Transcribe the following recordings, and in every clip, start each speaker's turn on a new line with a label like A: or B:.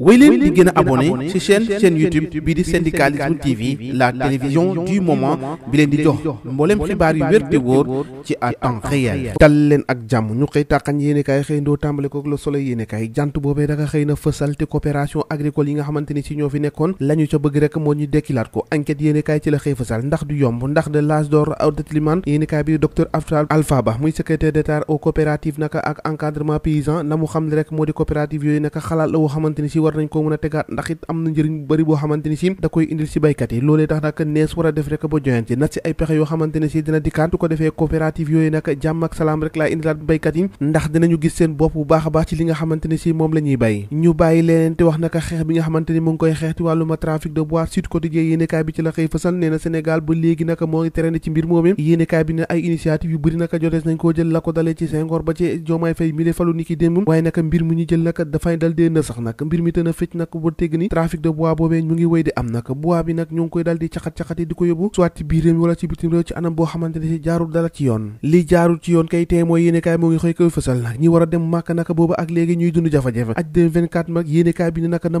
A: wéy leen di gën a abonné ci chaîne chaîne YouTube bii di syndicalisme TV la télévision du moment bi leen di jox mboolem xibaar yu wér te wóor ci à temps réel. ak jàmm ñu xëy tàqañ yéene xëy ndoo tàmbale ko ak Soleil yéene jant boobee da xëy na fësal te coopération agricole yi nga xamante ni ci ñoo fi nekkoon la ñu ca bëgg rek moo ñu dekkilaat ko enquête yéene ci la xëy fësal ndax du yomb ndax de l'âge d'or au détriment yéene bi docteur na mu xam rek moo di war nañ koo mën a tegaat ndax it am na njëriñ bu a dina dikkaat gis seen bopp bu baax a baax ci li nga xamante ne moom la ñuy ñu bàyyi leneen te wax naka xeex bi nga xamante mu ngi koy xeex ci wàlluma trafic de bois Sud Quotidien yéenekaay bi ci la xëy fasal nee na ba léegi naka moo ngi ci mbir moomee yéenekaay bi ne ay initiative yu bëri naka jotees nañ koo jël la ko dalee ci Senghor ba ci Diomaye Faye mi falu ni ki démb waaye naka mbir mu ñu jël naka dafay dal dee na sax te nag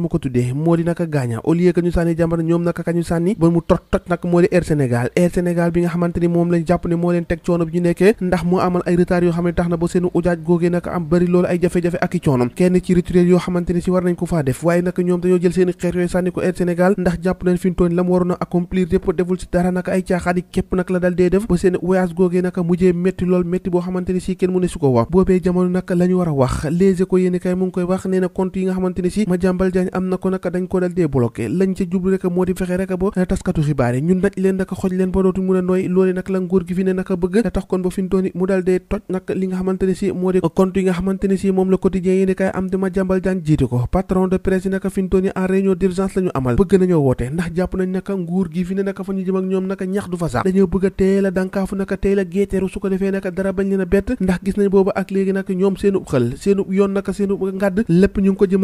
A: moo tuddee moo di naka gaaña au lieu sànni jàmbar ñoom naka ka sànni ba mu tot tot nag moo di Air Sénégal Air Sénégal bi nga xamante moom lañ jàpp ne moo leen teg coono bi ñu nekkee ndax mu amal ay retard yoo xam tax na ba seenu ujaaj googee naka am bari loolu ay jafe-jafe ak i coonom kenn ci rituel yoo xamante ni war nañ ko fa droit def waaye naka ñoom dañoo jël seeni xeer yooyu sànni ko Air Sénégal ndax jàpp nañ fi la mu waroon a accomplir yëpp deful si dara naka ay caaxaan yi képp nag la dee def ba seen voyage googee naka mujjee métti lool métti boo xamante si kenn mu ne am na ko naka dañ ko dal dee lañ ca jublu rek moo di fexe rek ba taskatu xibaar yi ñun leen naka xoj leen ba dootu mun nooy loolee nag la nguur gi fi ne naka bëgg da tax kon ba de presse yi naka fintoon en réunion d'urgence la ñu amal bëgg nañoo woote ndax jàpp nañ naka nguur gi fi ne naka fa ñu jëm ak ñoom naka ñax du ko ak léegi naka ñu ngi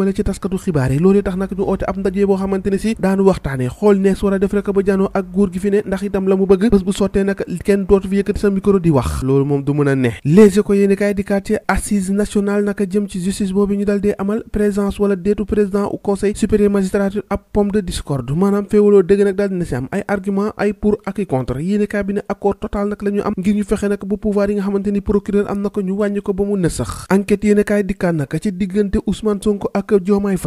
A: ab ndaje boo xamante si daanu waxtaane xool nees war a def rek ba ak nguur gi fi ne ndax itam la mu bëgg bés bu sottee naka kenn dootu fi yëkkati sa micro di wax loolu moom du mën a ne léegi ko yéeni kaay di quartier assise nationale naka jëm ci justice boobu ñu dal dee amal présence président au conseil supérieur magistrature ab pomme de discorde maanaam féewaloo dëgg nag daal dina si am ay argument ay pour ak contre yéene bi ne ak Diomaye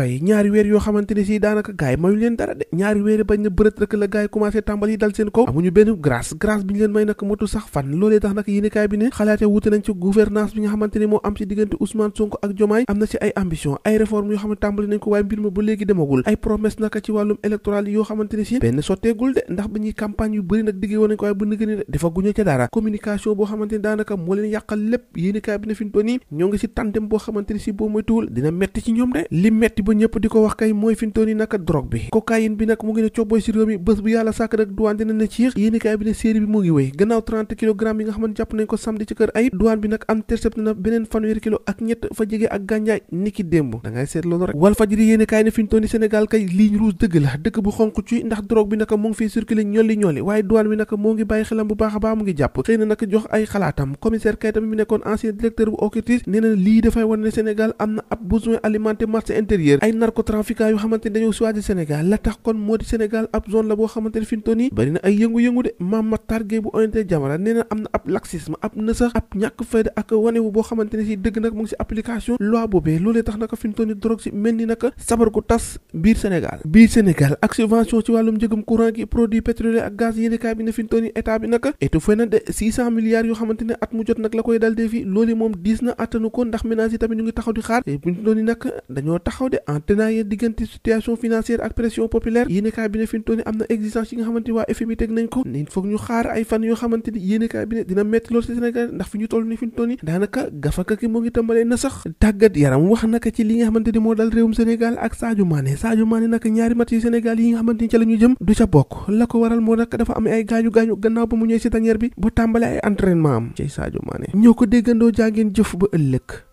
A: mayu leen grâce grâce bi ñu may nag motu sax fan loolee tax nag yéene bi ne xalaate wute nañ ci gouvernance bi nga xamante moo am ci diggante Ousmane Sonko ak Diomaye am na ci ay ambition ay réforme yoo xam ne tàmbali nañ ko waaye mbir ma ba léegi demagul ay promesse naka ci wàllum électoral yoo xamante ne benn sotteegul de ndax ba ñuy campagne ba ni dafa di ko wax kay mooy fintoon naka drogue bi cocaïne bi nag mu ngi ne cobboy si réew mu ngi wéy gannaaw 30 kilogramme yi nga xamante jàpp nañ ko samedi ci kër ayib duwaan bi nag intercepté na beneen fanweeri kilo ak ñett fa jege ak gànjaay niki démb da seet loolu rek Walfadjri yéen kaay ne fi ñu toll ni Sénégal a baax mu ngi jàpp xëy na naka jox lii dafay wane ne Sénégal am na ab besoin alimenter ab zone ab ñàkk fayda ak wanewu boo xamante ne si dëgg nag mu si application loi boobee loolee tax naka fi ñu si mel ni nag nag sabar gu tas biir Sénégal biir Sénégal ak subvention ci wàllum njëgum courant gi produit pétrolier ak gaz yéenekaay bi na fi toon yi état bi nag na de six cent milliards yoo xamante ne at mu jot nag la koy dal defi loolu moom diis na attanu ko ndax ménage yi tamit ñu ngi taxaw di xaar te buñ dañoo taxaw de en tenaille diggante situation financière ak pression populaire yéenekaay bi ne fi am na exigence yi nga xamante waa FMI Sénégal ak Sadio maane Sadio maane nag ñaari match yu Sénégal yi nga xamante ni ca la ñu jëm du ca bokk la ko waral moo nag dafa am ay gaañu gaañu gannaaw ba mu ñëwee si tanière bi ba tàmbale ay entraînement am ci Sadio Mané ñoo ko déggandoo jaa ngeen jëf ba ëllëg